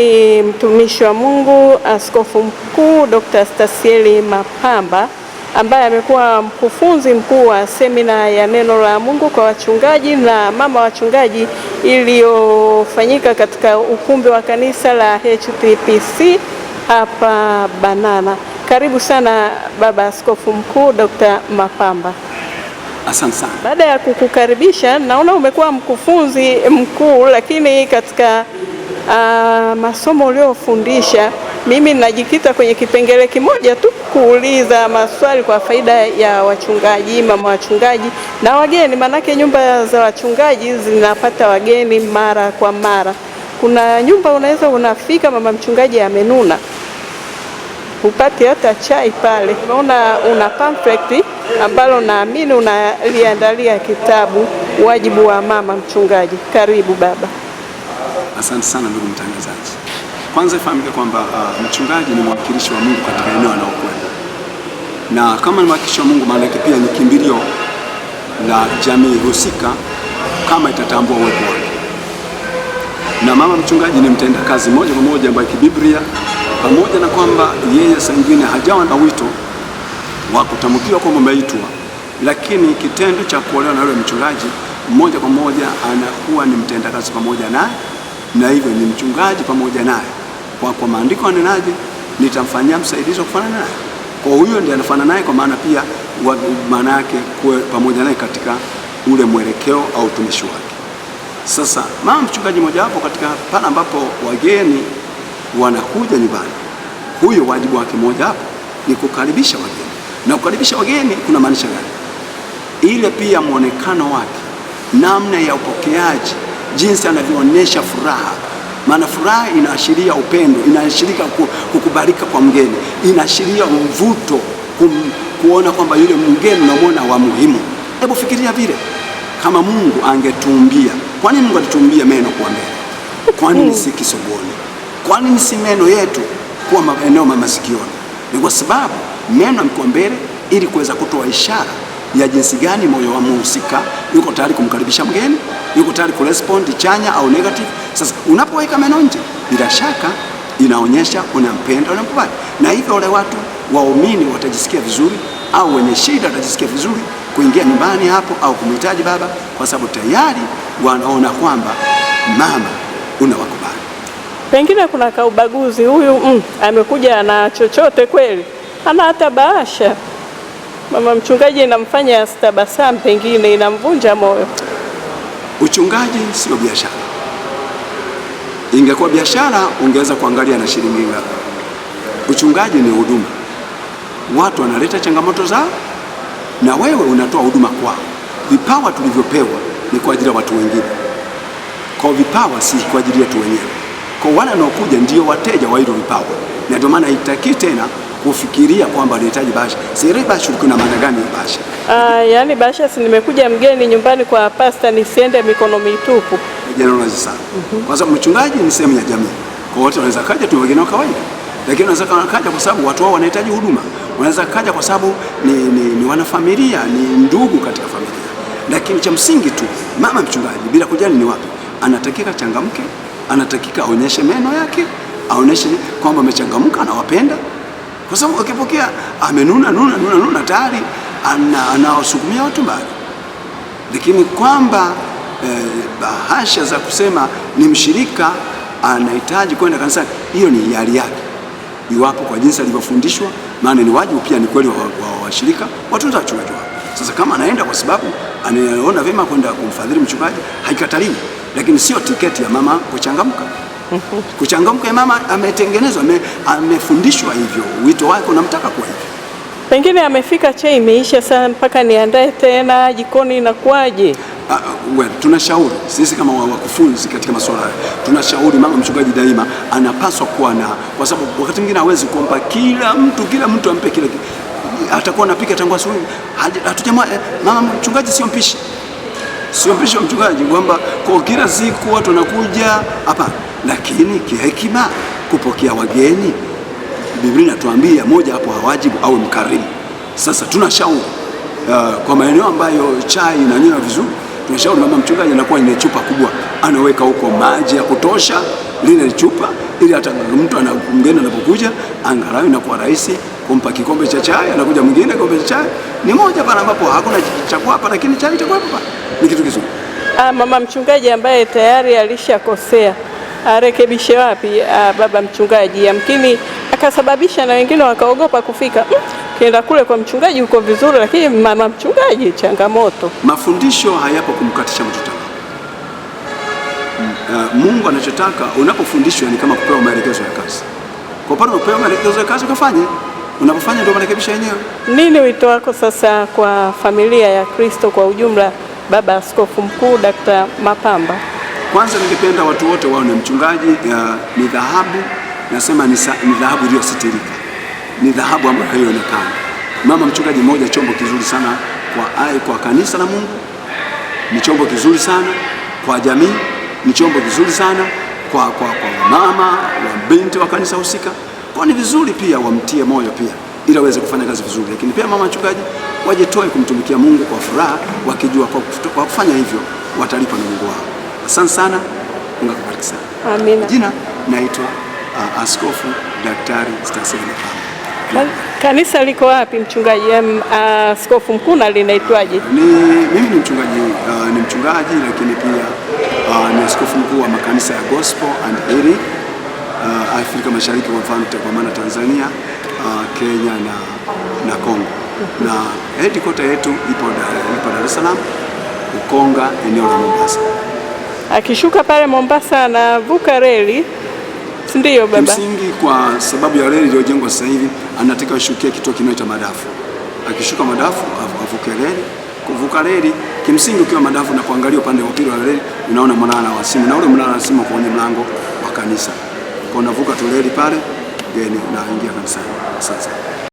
ni mtumishi wa Mungu Askofu Mkuu Dr. Stasieli Mapamba ambaye amekuwa mkufunzi mkuu wa semina ya neno la Mungu kwa wachungaji na mama wachungaji iliyofanyika katika ukumbi wa kanisa la HTPC hapa Banana. Karibu sana baba Askofu Mkuu Dr. Mapamba. Asante sana. Baada ya kukukaribisha, naona umekuwa mkufunzi mkuu, lakini katika Uh, masomo uliofundisha mimi ninajikita kwenye kipengele kimoja tu, kuuliza maswali kwa faida ya wachungaji, mama wachungaji na wageni, maanake nyumba za wachungaji zinapata wageni mara kwa mara. Kuna nyumba unaweza unafika, mama mchungaji amenuna, upate hata chai pale. Unaona una pamphlet ambalo naamini unaliandalia kitabu, wajibu wa mama mchungaji. Karibu baba. Asante sana ndugu mtangazaji. Kwanza ifahamike kwamba uh, mchungaji ni mwakilishi wa Mungu katika eneo anaokwenda, na kama ni mwakilishi wa Mungu, maana yake pia ni kimbilio la jamii husika kama itatambua uwepo wake. Na mama mchungaji ni mtenda kazi moja kwa moja ambaye kibiblia, pamoja na kwamba yeye saa nyingine hajawa na wito wa kutamkiwa kwamba umeitwa, lakini kitendo cha kuolewa na yule mchungaji moja kwa moja anakuwa ni mtendakazi pamoja naye na hivyo ni mchungaji pamoja naye kwa, kwa maandiko anenaje, nitamfanyia msaidizi wa kufanana naye. Kwa huyo ndiye anafana naye, kwa maana pia maana yake kuwe pamoja naye katika ule mwelekeo au utumishi wake. Sasa mama mchungaji mojawapo katika pale ambapo wageni wanakuja nyumbani, huyo wajibu wake mmoja hapo ni kukaribisha wageni, na kukaribisha wageni kuna maanisha gani? Ile pia mwonekano wake, namna ya upokeaji jinsi anavyoonyesha furaha. Maana furaha inaashiria upendo, inaashiria kukubalika kwa mgeni, inaashiria mvuto kum, kuona kwamba yule mgeni unamwona wa muhimu. Hebu fikiria vile kama Mungu angetuumbia. Kwa nini Mungu alituumbia meno kwa mbele? Kwa nini si kisogoni? Kwa nini si meno yetu kuwa maeneo masikioni? Ni kwa sababu meno yamekuwa mbele ili kuweza kutoa ishara ya jinsi gani moyo wa mhusika yuko tayari kumkaribisha mgeni, yuko tayari kurespond chanya au negative. Sasa unapoweka meno nje, bila shaka inaonyesha unampenda, unamkubali, na hivyo wale watu waumini watajisikia vizuri, au wenye shida watajisikia vizuri kuingia nyumbani hapo au kumhitaji baba, kwa sababu tayari wanaona kwamba mama unawakubali. Pengine kuna kaubaguzi, huyu mm, amekuja na chochote kweli, ana hata bahasha mama mchungaji inamfanya stabasamu, pengine inamvunja moyo. Uchungaji sio biashara. Ingekuwa biashara ungeweza kuangalia na shilingi ngapi. Uchungaji ni huduma, watu wanaleta changamoto zao na wewe unatoa huduma kwao. Vipawa tulivyopewa ni kwa ajili ya watu wengine, kwa vipawa si kwa ajili yetu wenyewe. Kwa wale wanaokuja ndio wateja wa hilo vipawa, na ndio maana haitaki tena kufikiria kwamba unahitaji bahasha. Siri bahasha na maana gani bahasha? Ah, yani bahasha si nimekuja mgeni nyumbani kwa pasta nisiende mikono mitupu. Generalize sana. Mm -hmm. Kwa sababu mchungaji ni sehemu ya jamii. Kwa wote wanaweza kaja tu wengine kawaida. Lakini unaweza kaja kwa sababu watu wao wanahitaji huduma. Unaweza kaja kwa sababu ni, ni, ni wanafamilia, ni ndugu katika familia. Lakini cha msingi tu mama mchungaji bila kujali ni wapi anatakika changamke, anatakika aonyeshe meno yake, aonyeshe kwamba amechangamka, anawapenda kwa sababu akipokea amenuna nuna nuna nuna tayari anawasukumia ana watu mbali, lakini kwamba eh, bahasha za kusema ni mshirika anahitaji kwenda kanisani, hiyo ni hiari yake iwapo kwa jinsi alivyofundishwa, maana ni wajibu pia ni kweli wa washirika wa, wa watunza wachungaji wao. Sasa kama anaenda kwa sababu anaona vyema kwenda kumfadhili mchungaji, haikatalii lakini sio tiketi ya mama kuchangamka. Kuchangamka mama ametengenezwa, amefundishwa hivyo, wito wake unamtaka kuwa hivyo. Pengine amefika chai imeisha sana, mpaka niandae tena jikoni, inakuwaje? Uh, well, tunashauri sisi kama wakufunzi katika masuala haya tunashauri mama mchungaji daima anapaswa kuwa na, kwa sababu wakati mwingine hawezi kuomba kila mtu kila mtu ampe kile atakuwa anapika tangu asubuhi hatujamwa. Eh, mama mchungaji sio mpishi, sio mpishi wa mchungaji kwamba kwa kila siku watu wanakuja hapa lakini kihekima kupokea wageni. Biblia inatuambia moja hapo hawajibu au mkarimu. Sasa tunashauri uh, kwa maeneo ambayo chai inanywa vizuri, tunashauri mama mchungaji anakuwa ile chupa kubwa anaweka huko maji ya kutosha lile chupa, ili hata mtu mgeni anapokuja angalau inakuwa rahisi kumpa kikombe cha chai, anakuja mwingine kikombe cha chai. Ni moja pale ambapo hakuna cha kuapa, lakini chai cha kuapa ni kitu kizuri. Ah, mama mchungaji ambaye tayari alishakosea arekebishe wapi a, ah, baba mchungaji, yamkini akasababisha na wengine wakaogopa kufika mm, Kenda kule kwa mchungaji uko vizuri, lakini mama mchungaji changamoto. Mafundisho hayapo kumkatisha mtu tamaa. Mm, uh, Mungu anachotaka unapofundishwa ni kama kupewa maelekezo ya kazi. Kwa pale unapewa maelekezo ya kazi ukafanye, unapofanya ndio marekebisho yenyewe. Nini wito wako sasa kwa familia ya Kristo kwa ujumla, Baba Askofu Mkuu Dr. Mapamba? Kwanza ningependa watu wote waone mchungaji ni dhahabu, nasema ni dhahabu iliyositirika, ni dhahabu ambayo haionekana. Mama mchungaji mmoja, chombo kizuri sana kwa ai, kwa kanisa la Mungu, ni chombo kizuri sana kwa jamii, ni chombo kizuri sana kwa kwa kwa mama wa binti wa kanisa husika, kwa ni vizuri pia wamtie moyo pia ili aweze kufanya kazi vizuri, lakini pia mama mchungaji wajitoe kumtumikia Mungu kwa furaha, wakijua kwa kufanya hivyo watalipa na Mungu wao. Asante sana, Mungu akubariki sana. Amina. Jina naitwa uh, Askofu Daktari Stanseli Kanisa liko wapi mchungaji? Um, uh, askofu uh, mkuu na linaitwaje? Ni mimi ni mchungaji uh, ni mchungaji lakini pia uh, ni askofu mkuu wa makanisa ya Gospel and Healing uh, Afrika Mashariki kwa mfano kwa maana Tanzania, uh, Kenya na na Kongo mhm. na headquarter yetu ipo Dar es Salaam Ukonga, eneo la Mombasa akishuka pale Mombasa anavuka reli, si ndio baba? Kimsingi, kwa sababu ya reli iliyojengwa sasa hivi anataka ashukie kituo kinaitwa Madafu, akishuka Madafu avuke reli kuvuka reli kimsingi, ukiwa Madafu na kuangalia upande wa pili wa reli unaona mnara wa simu, na ule mnara wa simu kwenye mlango wa kanisa, kwa unavuka tu reli pale then naingia kanisani sasa.